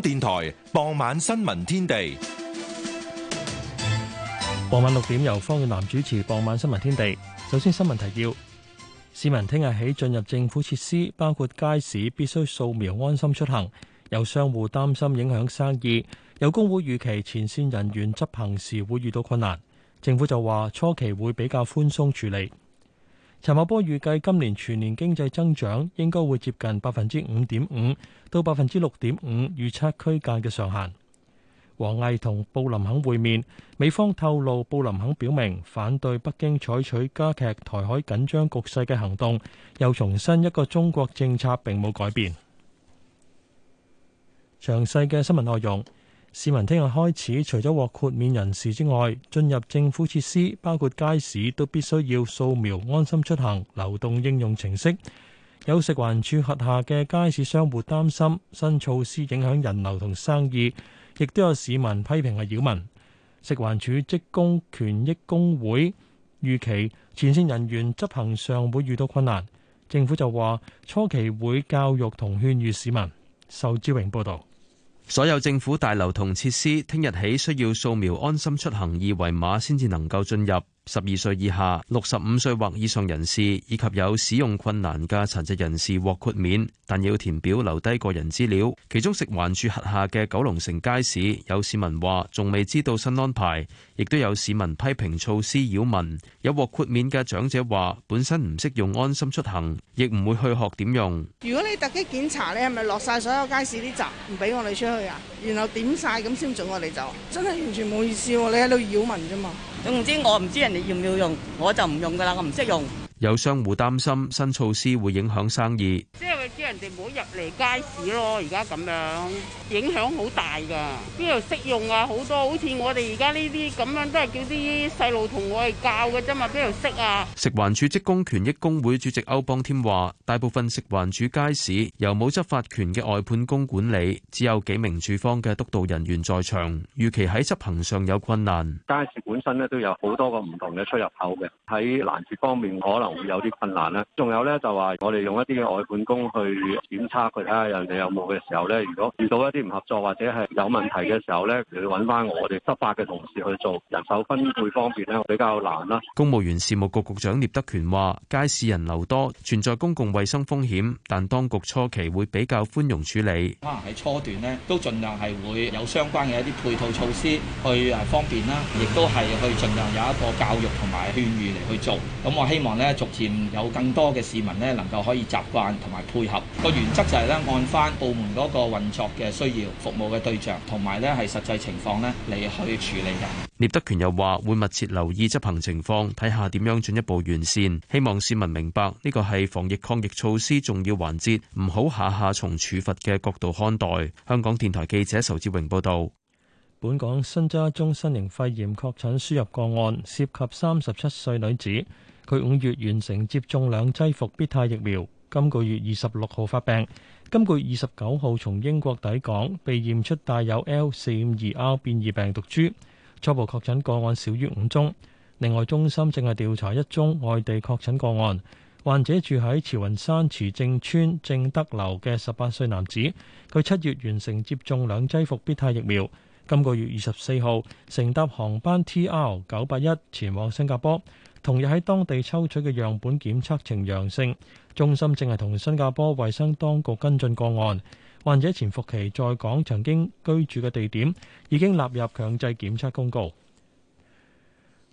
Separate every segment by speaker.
Speaker 1: 電台傍晚新聞天地，傍晚六點由方遠南主持。傍晚新聞天地，首先新聞提要：市民聽日起進入政府設施，包括街市，必須掃描安心出行。有商戶擔心影響生意，有工會預期前線人員執行時會遇到困難。政府就話初期會比較寬鬆處理。陳茂波預計今年全年經濟增長應該會接近百分之五點五到百分之六點五預測區間嘅上限。王毅同布林肯會面，美方透露布林肯表明反對北京採取加劇台海緊張局勢嘅行動，又重申一個中國政策並冇改變。詳細嘅新聞內容。市民聽日開始，除咗獲豁免人士之外，進入政府設施，包括街市，都必須要掃描安心出行流動應用程式。有食環署轄下嘅街市商戶擔心新措施影響人流同生意，亦都有市民批評係擾民。食環署職工權益工會預期前線人員執行上會遇到困難。政府就話初期會教育同勸喻市民。仇志榮報導。
Speaker 2: 所有政府大樓同設施，聽日起需要掃描安心出行二維碼先至能夠進入。十二歲以下，六十五歲或以上人士，以及有使用困難嘅殘疾人士獲豁免，但要填表留低個人資料。其中食環署轄下嘅九龍城街市，有市民話仲未知道新安排，亦都有市民批評措施擾民。有獲豁免嘅長者話，本身唔識用安心出行，亦唔會去學點用。
Speaker 3: 如
Speaker 4: 果你突擊檢查，你係咪落晒所有街市啲閘，唔俾我哋出去啊？然後點晒咁先
Speaker 5: 準我哋走？真係完全冇意思，你喺度擾民啫嘛？總之我唔知，我唔知人哋要唔要用，我就唔用噶啦，我唔識用。
Speaker 2: 有商戶擔心新措施會影響生意，
Speaker 5: 即係
Speaker 4: 叫人哋唔好入嚟街市咯。而家咁樣影響好大噶邊度識用啊？好多好似我哋而家呢啲咁樣，都係叫啲細路同我哋教嘅啫嘛，
Speaker 5: 邊度識啊？
Speaker 2: 食環署職工權益工會主席歐邦添話，大部分食環署街市由冇執法權嘅外判工管理，只有幾名署方嘅督導人員在場，預期喺執行上有困難。
Speaker 6: 街市本身咧都有好多個唔同嘅出入口嘅，喺攔截方面可能。有啲困難啦，仲有咧就話我哋用一啲嘅外判工去檢測佢，睇下人哋有冇嘅時候咧，如果遇到一啲唔合作或者係有問題嘅時候咧，佢要揾翻我哋執法嘅同事去做，人手分配方面咧比較難啦。
Speaker 2: 公務員事務局局長聶德權話：街市人流多，存在公共衛生風險，但當局初期會比較寬容處理。
Speaker 7: 可能喺初段呢，都儘量係會有相關嘅一啲配套措施去啊方便啦，亦都係去儘量有一個教育同埋勸喻嚟去做。咁我希望咧。逐漸有更多嘅市民呢，能夠可以習慣同埋配合個原則就係呢，按返部門嗰個運作嘅需要、服務嘅對象同埋呢，係實際情況呢，你去處理嘅。
Speaker 2: 聶德權又話：會密切留意執行情況，睇下點樣進一步完善。希望市民明白呢個係防疫抗疫措施重要環節，唔好下下從處罰嘅角度看待。香港電台記者仇志榮報導。
Speaker 1: 本港新增一宗新型肺炎確診輸入個案，涉及三十七歲女子。佢五月完成接種兩劑伏必泰疫苗，今個月二十六號發病，今個月二十九號從英國抵港，被驗出帶有 L 四五二 R 變異病毒株，初步確診個案少於五宗。另外，中心正係調查一宗外地確診個案，患者住喺慈雲山慈正邨正德樓嘅十八歲男子。佢七月完成接種兩劑伏必泰疫苗，今個月二十四號乘搭航班 TR 九八一前往新加坡。同日喺當地抽取嘅樣本檢測呈陽性，中心正係同新加坡衛生當局跟進個案。患者潛伏期在港曾經居住嘅地點已經納入強制檢測公告。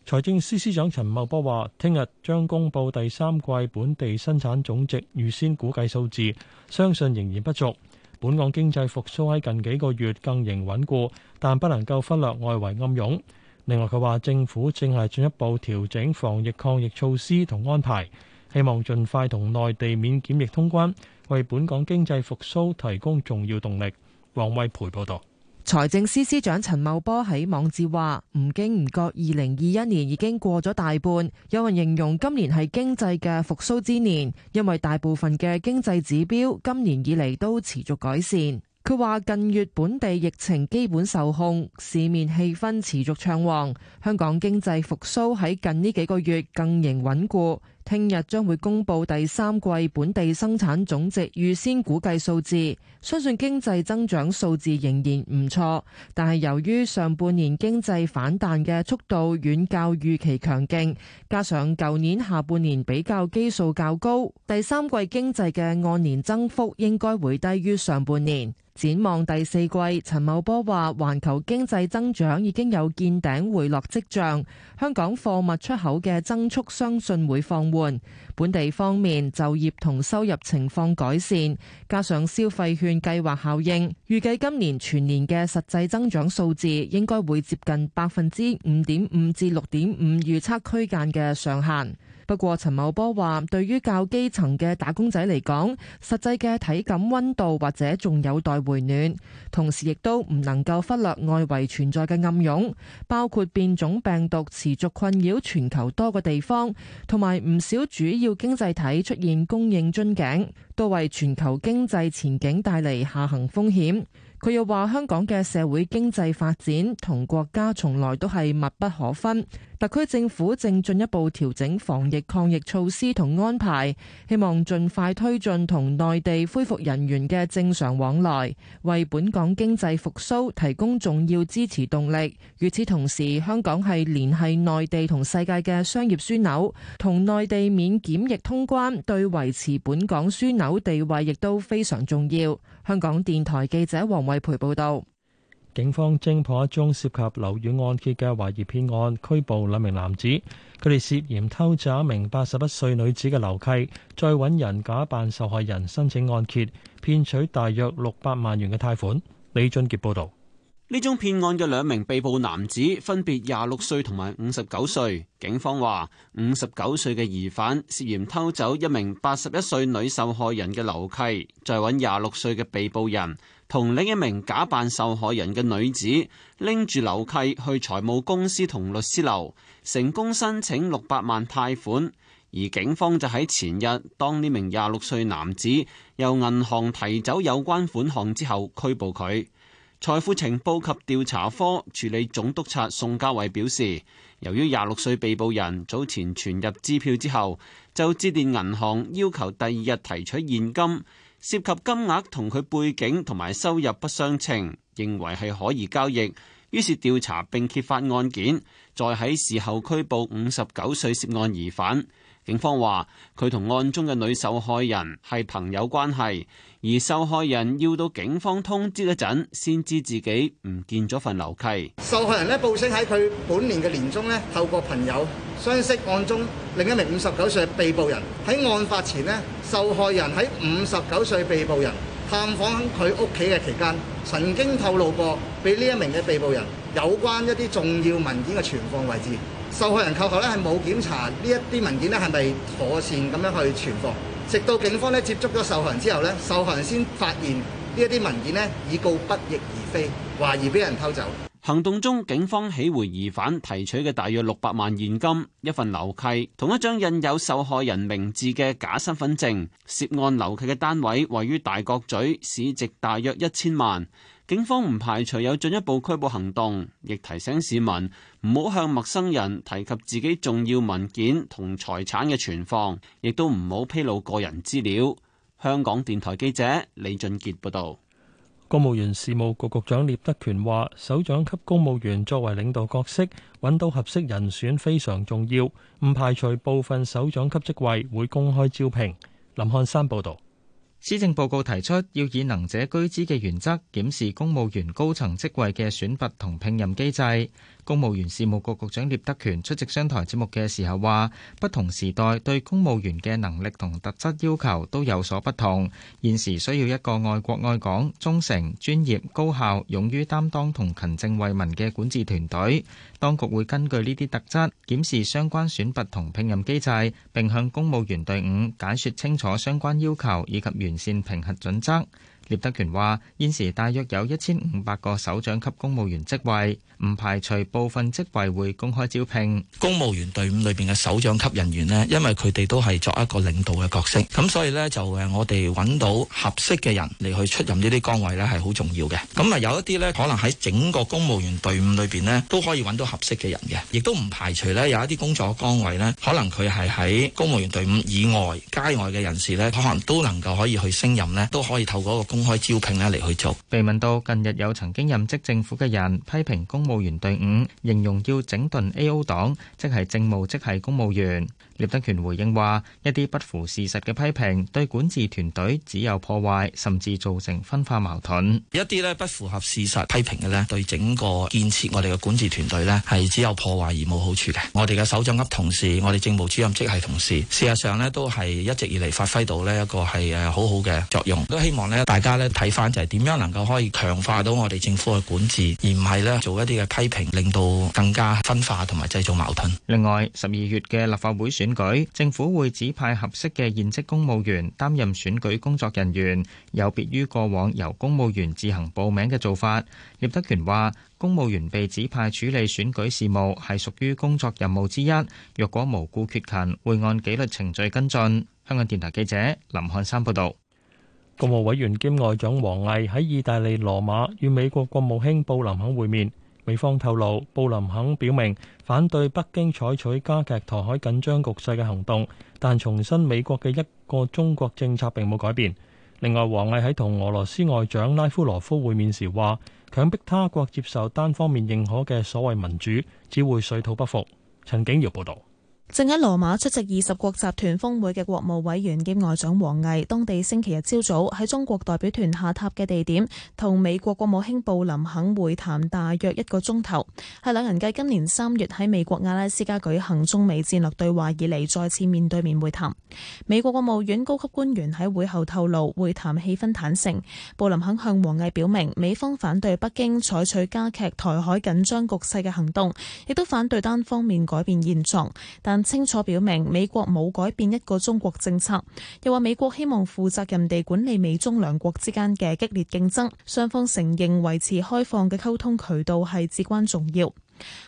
Speaker 1: 財政司司長陳茂波話，聽日將公佈第三季本地生產總值預先估計數字，相信仍然不俗。本港經濟復甦喺近幾個月更形穩固，但不能夠忽略外圍暗湧。另外，佢話政府正係進一步調整防疫抗疫措施同安排，希望盡快同內地免檢疫通關，為本港經濟復甦提供重要動力。王惠培報導。
Speaker 8: 財政司司長陳茂波喺網誌話：唔經唔覺，二零二一年已經過咗大半，有人形容今年係經濟嘅復甦之年，因為大部分嘅經濟指標今年以嚟都持續改善。佢話：近月本地疫情基本受控，市面氣氛持續暢旺，香港經濟復甦喺近呢幾個月更形穩固。聽日將會公布第三季本地生產總值預先估計數字，相信經濟增長數字仍然唔錯，但係由於上半年經濟反彈嘅速度遠較預期強勁，加上舊年下半年比較基數較高，第三季經濟嘅按年增幅應該會低於上半年。展望第四季，陳茂波話環球經濟增長已經有見頂回落跡象，香港貨物出口嘅增速相信會放。換本地方面，就業同收入情況改善，加上消費券計劃效應，預計今年全年嘅實際增長數字應該會接近百分之五點五至六點五預測區間嘅上限。不過，陳茂波話，對於較基層嘅打工仔嚟講，實際嘅體感溫度或者仲有待回暖，同時，亦都唔能夠忽略外圍存在嘅暗湧，包括變種病毒持續困擾全球多個地方，同埋唔少主要經濟體出現供應樽頸，都為全球經濟前景帶嚟下行風險。佢又話：香港嘅社會經濟發展同國家從來都係密不可分。特區政府正進一步調整防疫抗疫措施同安排，希望盡快推進同內地恢復人員嘅正常往來，為本港經濟復甦提供重要支持動力。與此同時，香港係聯繫內地同世界嘅商業樞紐，同內地免檢疫通關，對維持本港樞紐地位亦都非常重要。香港電台記者王慧培報道，警方偵破
Speaker 1: 一宗涉及樓宇按揭嘅懷疑騙案，拘捕兩名男子，佢哋涉嫌偷走一名八十一歲女子嘅樓契，再揾人假扮受害人申請按揭，騙取大約六百萬元嘅貸款。李俊杰報道。
Speaker 9: 呢宗騙案嘅兩名被捕男子分別廿六歲同埋五十九歲，警方話五十九歲嘅疑犯涉嫌偷走一名八十一歲女受害人嘅樓契，再揾廿六歲嘅被捕人同另一名假扮受害人嘅女子拎住樓契去財務公司同律師樓，成功申請六百萬貸款，而警方就喺前日當呢名廿六歲男子由銀行提走有關款項之後拘捕佢。財富情報及調查科處理總督察宋家偉表示，由於廿六歲被捕人早前存入支票之後，就致電銀行要求第二日提取現金，涉及金額同佢背景同埋收入不相稱，認為係可疑交易，於是調查並揭發案件。再喺事後拘捕五十九歲涉案疑犯，警方話佢同案中嘅女受害人係朋友關係，而受害人要到警方通知嗰陣，先知自己唔見咗份樓契。
Speaker 7: 受害人咧報稱喺佢本年嘅年終咧，透過朋友相識案中另一名五十九歲被捕人。喺案發前咧，受害人喺五十九歲被捕人探訪佢屋企嘅期間，曾經透露過俾呢一名嘅被捕人，有關一啲重要文件嘅存放位置，受害人購後呢係冇檢查呢一啲文件呢係咪妥善咁樣去存放，直到警方呢接觸咗受害人之後呢，受害人先發現呢一啲文件呢已告不翼而飛，懷疑俾人偷走。
Speaker 9: 行動中，警方起回疑犯提取嘅大約六百萬現金、一份樓契，同一張印有受害人名字嘅假身份證。涉案樓契嘅單位位於大角咀，市值大約一千萬。警方唔排除有進一步拘捕行動，亦提醒市民唔好向陌生人提及自己重要文件同財產嘅存放，亦都唔好披露個人資料。香港電台記者
Speaker 1: 李俊傑報道。公務員事務局局長聶德權話，首長級公務員作為領導角色，揾到合適人選非常重要，唔排除部分首長級職位會公開招聘。林漢山報導。施政報告
Speaker 4: 提出，要以能者居之嘅原則檢視公務員高層職位嘅選拔同聘任機制。公務員事務局局長聶德權出席商台節目嘅時候話：不同時代對公務員嘅能力同特質要求都有所不同。現時需要一個愛國愛港、忠誠、專業、高效、勇於擔當同勤政為民嘅管治團隊。當局會根據呢啲特質檢視相關選拔同聘任機制，並向公務員隊伍解説清楚相關要求，以及完善評核準則。聶德權話：現時大約有一千五百個首長級公務員職位，唔排除部分職位會公開招聘。公務員隊伍裏邊嘅首長級
Speaker 7: 人員呢，因為佢哋都係作一個領導嘅角色，咁所以呢，就誒，我哋揾到合適嘅人嚟去出任呢啲崗位呢係好重要嘅。咁啊，有一啲呢，可能喺整個公務員隊伍裏邊呢都可以揾到合適嘅人嘅，亦都唔排除呢有一啲工作崗位呢，可能佢係喺公務員隊伍以外、街外嘅人士呢，可能都能夠可以去升任呢，都可以透過個。公開招
Speaker 4: 聘咧嚟去做。被問到近日有曾經任職政府嘅人批評公務員隊伍，形容要整頓 AO 黨，即係政務，即係公務員。聶德權回應話：一啲不符事實嘅批評，對管治團隊只有破壞，甚至造成分化矛盾。一啲咧不符合事實批評嘅咧，對整個建
Speaker 7: 設我哋嘅管治團隊咧，係只有破壞而冇好處嘅。我哋嘅首長級同事，我哋政務主任即係同事，事實上咧都係一直以嚟發揮到咧一個係誒好好嘅作用。都希望咧大。而家咧睇翻就係點樣能夠可以強化到我哋政府嘅管治，而唔係咧做一
Speaker 4: 啲嘅批評，令到更加分化同埋製造矛盾。另外，十二月嘅立法會選舉，政府會指派合適嘅現職公務員擔任選舉工作人員，有別於過往由公務員自行報名嘅做法。聶德權話：公務員被指派處理選舉事務係屬於工作任務之一，若果無故缺勤，會按紀律程序跟進。香港電台記者林漢山報道。國務
Speaker 1: 委員兼外長王毅喺意大利羅馬與美國國務卿布林肯會面，美方透露，布林肯表明反對北京採取加劇台海緊張局勢嘅行動，但重申美國嘅一個中國政策並冇改變。另外，王毅喺同俄羅斯外長拉夫羅夫會面時話，強迫他國接受單方面認可嘅所謂民主，只會水土不服。陳景堯報道。
Speaker 3: 正喺羅馬出席二十國集團峰會嘅國務委員兼外長王毅，當地星期日朝早喺中國代表團下榻嘅地點同美國國務卿布林肯會談大約一個鐘頭，係兩人繼今年三月喺美國阿拉斯加舉行中美戰略對話以嚟再次面對面會談，美國國務院高級官員喺會後透露，會談氣氛坦誠，布林肯向王毅表明美方反對北京採取加劇台海緊張局勢嘅行動，亦都反對單方面改變現狀，但，清楚表明美國冇改變一個中國政策，又話美國希望負責任地管理美中兩國之間嘅激烈競爭，雙方承認維持開放嘅溝通渠道係至關重要。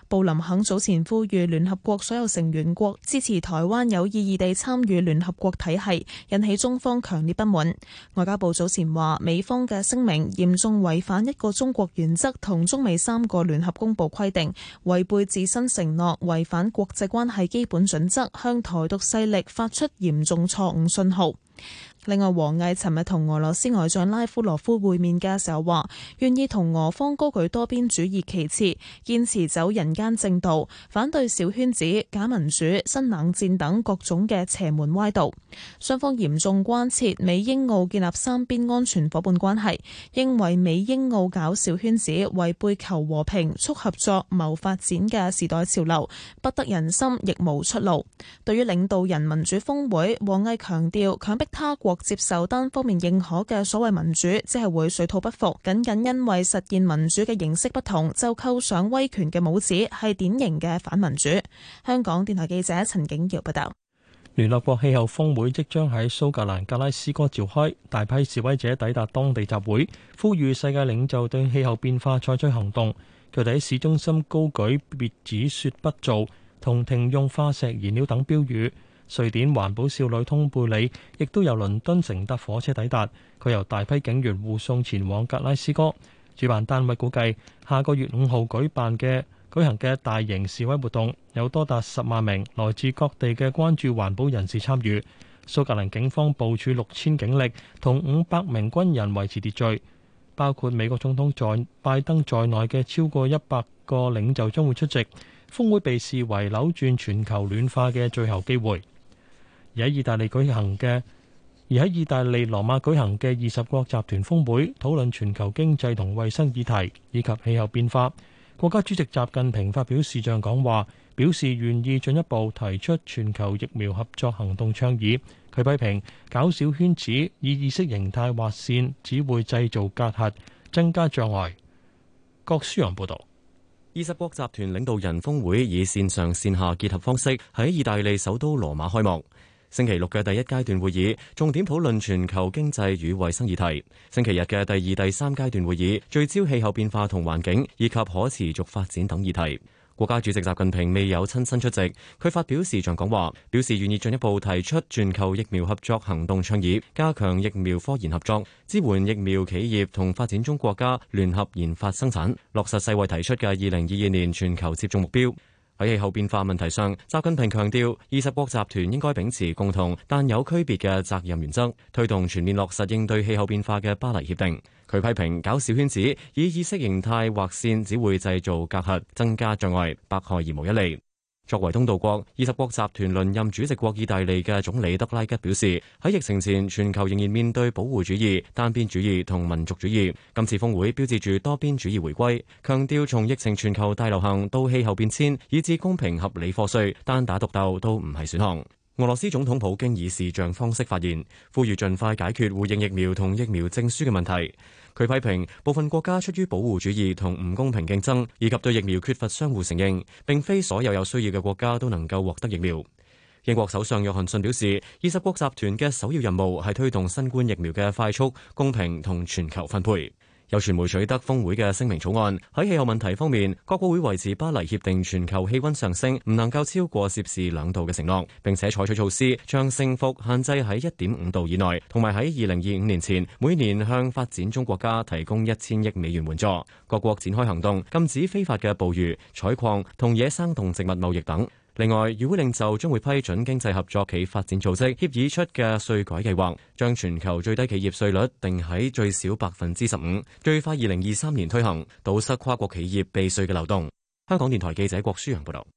Speaker 3: 布林肯早前呼籲聯合國所有成員國支持台灣有意義地參與聯合國體系，引起中方強烈不滿。外交部早前話，美方嘅聲明嚴重違反一個中國原則同中美三個聯合公報規定，違背自身承諾，違反國際關係基本準則，向台獨勢力發出嚴重錯誤信號。另外，王毅尋日同俄羅斯外長拉夫羅夫會面嘅時候話，願意同俄方高舉多邊主義旗幟，堅持走人間正道，反對小圈子、假民主、新冷戰等各種嘅邪門歪道。雙方嚴重關切美英澳建立三邊安全伙伴關係，認為美英澳搞小圈子、為背求和平、促合作、謀發展嘅時代潮流，不得人心，亦無出路。對於領導人民主峰會，王毅強調強迫他國。接受單方面認可嘅所謂民主，只係會水土不服。僅僅因為實現民主嘅形式不同，就扣上威權嘅帽子，係典型嘅反民主。香港電台記者陳景耀報道。
Speaker 1: 聯合國氣候峰會即將喺蘇格蘭格拉斯哥召開，大批示威者抵達當地集會，呼籲世界領袖對氣候變化採取行動，佢哋喺市中心高舉別只說不做同停用化石燃料等標語。瑞典環保少女通貝里亦都由倫敦乘搭火車抵達，佢由大批警員護送前往格拉斯哥。主辦單位估計，下個月五號舉辦嘅舉行嘅大型示威活動，有多達十萬名來自各地嘅關注環保人士參與。蘇格蘭警方部署六千警力同五百名軍人維持秩序，包括美國總統在拜登在內嘅超過一百個領袖將會出席。峰會被視為扭轉全球暖化嘅最後機會。喺意大利舉行嘅，而喺意大利羅馬舉行嘅二十國集團峰會，討論全球經濟同衞生議題以及氣候變化。國家主席習近平發表視像講話，表示願意進一步提出全球疫苗合作行動倡議。佢批評搞小圈子、以意識形態劃線，只會製造隔閡，增加障礙。郭舒陽報導。
Speaker 6: 二十國集團領導人峰會以線上線下結合方式喺意大利首都羅馬開幕。星期六嘅第一階段會議重點討論全球經濟與衛生議題，星期日嘅第二、第三階段會議聚焦氣候變化同環境以及可持續發展等議題。國家主席習近平未有親身出席，佢發表時長講話，表示願意進一步提出全球疫苗合作行動倡議，加強疫苗科研合作，支援疫苗企業同發展中國家聯合研發生產，落實世衛提出嘅二零二二年全球接種目標。喺氣候變化問題上，習近平強調，二十國集團應該秉持共同但有區別嘅責任原則，推動全面落實應對氣候變化嘅巴黎協定。佢批評搞小圈子、以意識形態劃線，只會製造隔閡，增加障礙，百害而無一利。作為東道國，二十國集團輪任主席國意大利嘅總理德拉吉表示，喺疫情前，全球仍然面對保護主義、單邊主義同民族主義。今次峰會標誌住多邊主義回歸，強調從疫情全球大流行到氣候變遷，以致公平合理課稅，單打獨鬥都唔係選項。俄羅斯總統普京以視像方式發言，呼籲盡快解決互認疫苗同疫苗證書嘅問題。佢批評部分國家出於保護主義同唔公平競爭，以及對疫苗缺乏相互承認，並非所有有需要嘅國家都能夠獲得疫苗。英國首相約翰遜表示，二十國集團嘅首要任務係推動新冠疫苗嘅快速、公平同全球分配。有傳媒取得峰會嘅聲明草案，喺氣候問題方面，各國會維持巴黎協定全球氣溫上升唔能夠超過攝氏兩度嘅承諾，並且採取措施將升幅限制喺一點五度以內，同埋喺二零二五年前每年向發展中國家提供一千億美元援助。各國展開行動，禁止非法嘅捕魚、採礦同野生動植物貿易等。另外，烏克領袖將會批准經濟合作暨發展組織協議出嘅稅改計劃，將全球最低企業稅率定喺最少百分之十五，最快二零二三年推行，堵塞跨國企業避稅嘅漏洞。香港電台記者郭舒陽報道。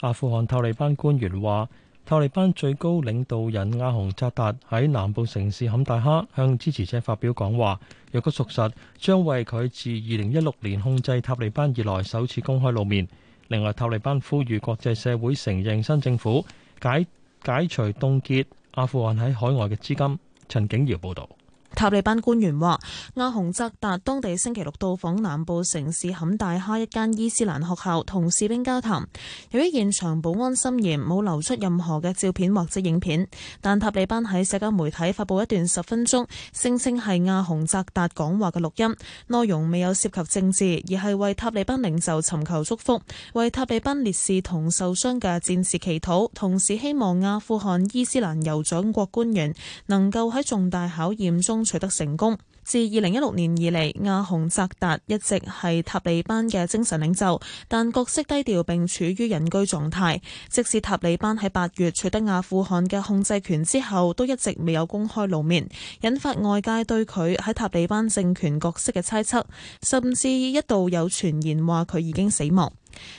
Speaker 1: 阿富汗塔利班官員話塔利班最高領導人阿洪扎達喺南部城市坎大哈向支持者發表講話，若果屬實，將為佢自二零一六年控制塔利班以來首次公開露面。另外，塔利班呼籲國際社會承認新政府解，解解除凍結阿富汗喺海外嘅資金。陳景瑤報道。
Speaker 3: 塔利班官員話：阿洪澤達當地星期六到訪南部城市坎大哈一間伊斯蘭學校，同士兵交談。由於現場保安森嚴，冇流出任何嘅照片或者影片。但塔利班喺社交媒體發布一段十分鐘，聲稱係阿洪澤達講話嘅錄音，內容未有涉及政治，而係為塔利班領袖尋求祝福，為塔利班烈士同受傷嘅戰士祈禱，同時希望阿富汗伊斯蘭酋長國官員能夠喺重大考驗中，取得成功。自二零一六年以嚟，阿洪扎達一直係塔利班嘅精神領袖，但角色低調，並處於隱居狀態。即使塔利班喺八月取得阿富汗嘅控制權之後，都一直未有公開露面，引發外界對佢喺塔利班政權角色嘅猜測，甚至一度有傳言話佢已經死亡。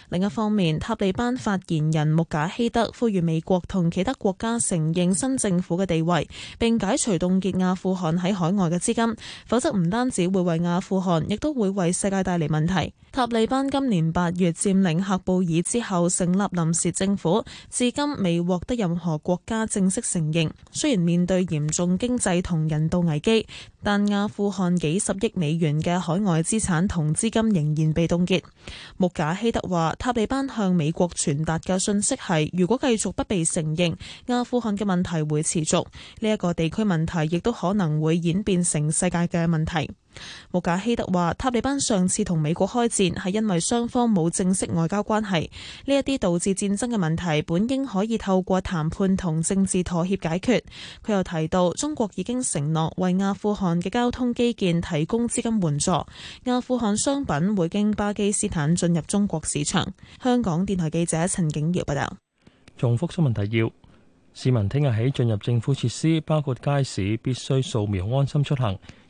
Speaker 3: 另一方面，塔利班發言人穆賈希德呼籲美國同其他國家承認新政府嘅地位，並解除凍結阿富汗喺海外嘅資金，否則唔單止會為阿富汗，亦都會為世界帶嚟問題。塔利班今年八月佔領喀布爾之後，成立臨時政府，至今未獲得任何國家正式承認，雖然面對嚴重經濟同人道危機。但阿富汗幾十億美元嘅海外資產同資金仍然被凍結。穆賈希德話：塔利班向美國傳達嘅信息係，如果繼續不被承認，阿富汗嘅問題會持續。呢一個地區問題亦都可能會演變成世界嘅問題。穆賈希德話：塔利班上次同美國開戰係因為雙方冇正式外交關係，呢一啲導致戰爭嘅問題本應可以透過談判同政治妥協解決。佢又提到，中國已經承諾為阿富汗嘅交通基建提供資金援助，阿富汗商品會經巴基斯坦進入中國市場。香港電台記者陳景堯報道。
Speaker 1: 重複出問題，要市民聽日起進入政府設施，包括街市，必須掃描安心出行，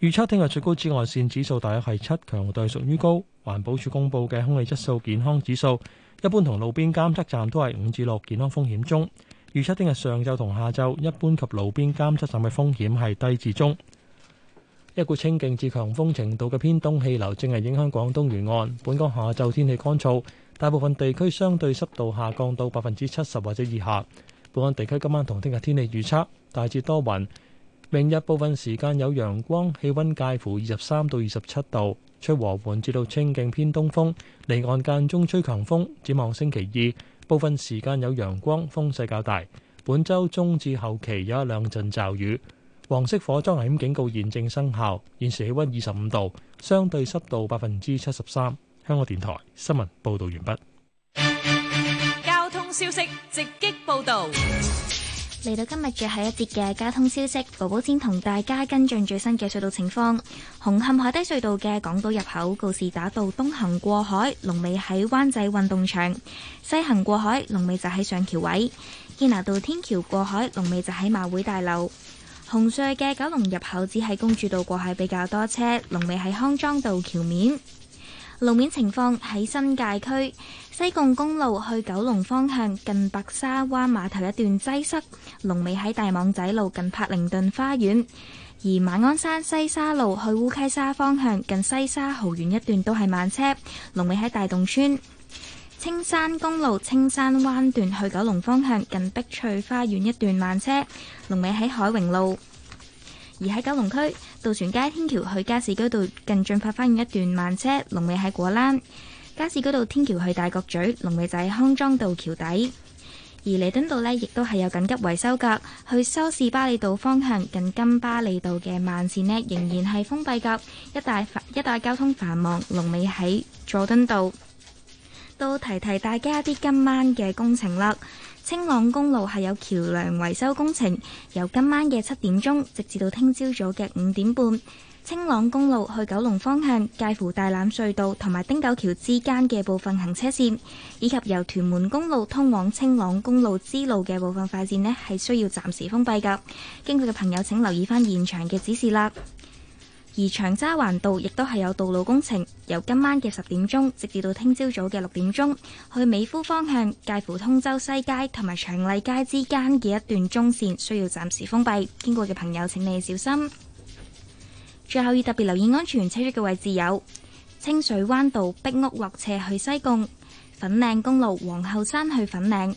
Speaker 1: 預測聽日最高紫外線指數大約係七，強度屬於高。環保署公布嘅空氣質素健康指數，一般同路邊監測站都係五至六，健康風險中。預測聽日上晝同下晝，一般及路邊監測站嘅風險係低至中。一股清勁至強風程度嘅偏東氣流正係影響廣東沿岸，本港下晝天氣乾燥，大部分地區相對濕度下降到百分之七十或者以下。本港地區今晚同聽日天氣預測，大致多雲。明日部分時間有陽光，氣溫介乎二十三到二十七度，吹和緩至到清勁偏東風，離岸間中吹強風。展望星期二，部分時間有陽光，風勢較大。本周中至後期有一兩陣驟雨。黃色火災危險警告現正生效。現時氣溫二十五度，相對濕度百分之七十三。香港電台新聞報道完畢。
Speaker 10: 交通消息直擊報道。嚟到今日最後一節嘅交通消息，寶寶先同大家跟進最新嘅隧道情況。紅磡海底隧道嘅港島入口告士打道東行過海，龍尾喺灣仔運動場；西行過海，龍尾就喺上橋位。堅拿道天橋過海，龍尾就喺馬會大樓。紅隧嘅九龍入口只喺公主道過海，比較多車，龍尾喺康莊道橋面。路面情況喺新界區西貢公路去九龍方向近白沙灣碼頭一段擠塞，龍尾喺大網仔路近柏靈頓花園；而馬鞍山西沙路去烏溪沙方向近西沙豪園一段都係慢車，龍尾喺大洞村。青山公路青山灣段去九龍方向近碧翠花園一段慢車，龍尾喺海榮路。而喺九龍區，渡船街天橋去加士居道近駿發花園一段慢車，龍尾喺果欄；加士居道天橋去大角咀，龍尾仔康莊道橋底。而彌敦道呢，亦都係有緊急維修㗎，去梳士巴利道方向近金巴利道嘅慢線呢，仍然係封閉㗎，一帶一帶交通繁忙，龍尾喺佐敦道。都提提大家啲今晚嘅工程啦。青朗公路係有橋樑維修工程，由今晚嘅七點鐘直至到聽朝早嘅五點半，青朗公路去九龍方向介乎大欖隧道同埋汀九橋之間嘅部分行車線，以及由屯門公路通往青朗公路支路嘅部分快綫呢係需要暫時封閉噶，經過嘅朋友請留意翻現場嘅指示啦。而長沙灣道亦都係有道路工程，由今晚嘅十點鐘直至到聽朝早嘅六點鐘，去美孚方向介乎通州西街同埋長麗街之間嘅一段中線需要暫時封閉，經過嘅朋友請你小心。最後要特別留意安全車速嘅位置有清水灣道壁屋落斜去西貢、粉嶺公路皇后山去粉嶺。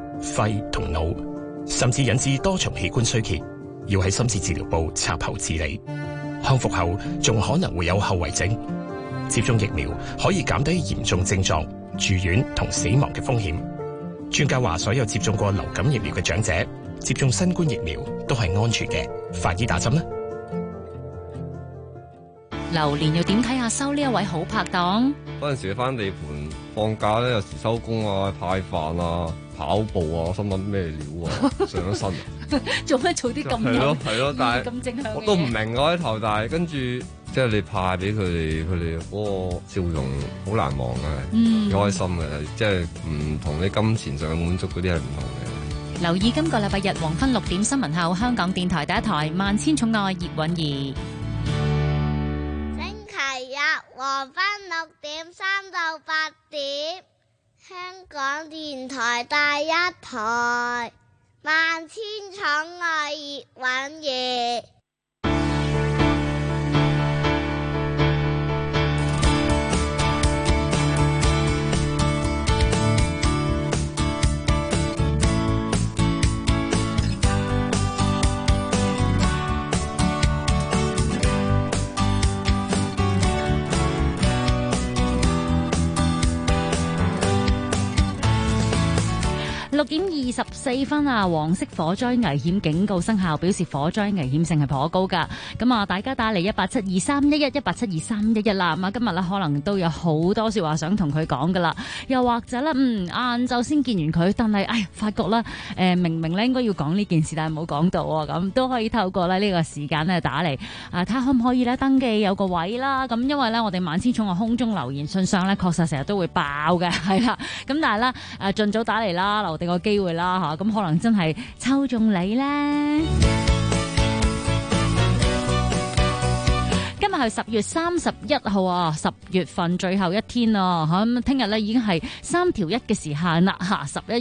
Speaker 1: 肺同腦，甚至引致多重器官衰竭，要喺深切治療部插喉治理。康復後仲可能會有後遺症。接種疫苗可以減低嚴重症狀、住院同死亡嘅風險。專家話，所有接種過流感疫苗嘅長者接種新冠疫苗都係安全嘅。快啲打針啦！
Speaker 5: 流年又點睇下收呢一位好拍檔？
Speaker 6: 嗰陣時返地盤放假咧，有時收工啊派飯啊。跑步啊，我心諗咩料啊，上咗身啊。
Speaker 5: 做咩做啲咁係咯係咯，但係咁正我都唔明
Speaker 6: 我喺台大。跟住即係你派俾佢哋，佢哋嗰個笑容好難忘啊，嗯，幾開心嘅，即係唔同你金錢上嘅滿足嗰啲係唔同嘅。
Speaker 5: 留意今個禮拜日黃昏六點新聞後，香港電台第一台《萬千寵愛葉蘊儀》。星期日
Speaker 10: 黃昏六點三到八點。香港電台第一台，萬千寵愛葉玩儀。
Speaker 5: 六點二十四分啊，黃色火災危險警告生效，表示火災危險性係頗高㗎。咁啊，大家打嚟一八七二三一一一八七二三一一啦。咁啊，今日呢，可能都有好多說話想同佢講㗎啦。又或者咧，嗯，晏晝先見完佢，但係唉，發覺咧，誒、呃，明明呢應該要講呢件事，但係冇講到啊。咁都可以透過咧呢個時間呢打嚟啊，睇下可唔可以呢登記有個位啦。咁因為呢，我哋萬千寵愛空中留言信箱呢，確實成日都會爆嘅，係啦。咁但係咧，誒，盡早打嚟啦，個機會啦吓，咁可能真係抽中你咧。今日係十月三十一號啊，十月份最後一天哦，咁聽日咧已經係三條一嘅時限啦吓，十一。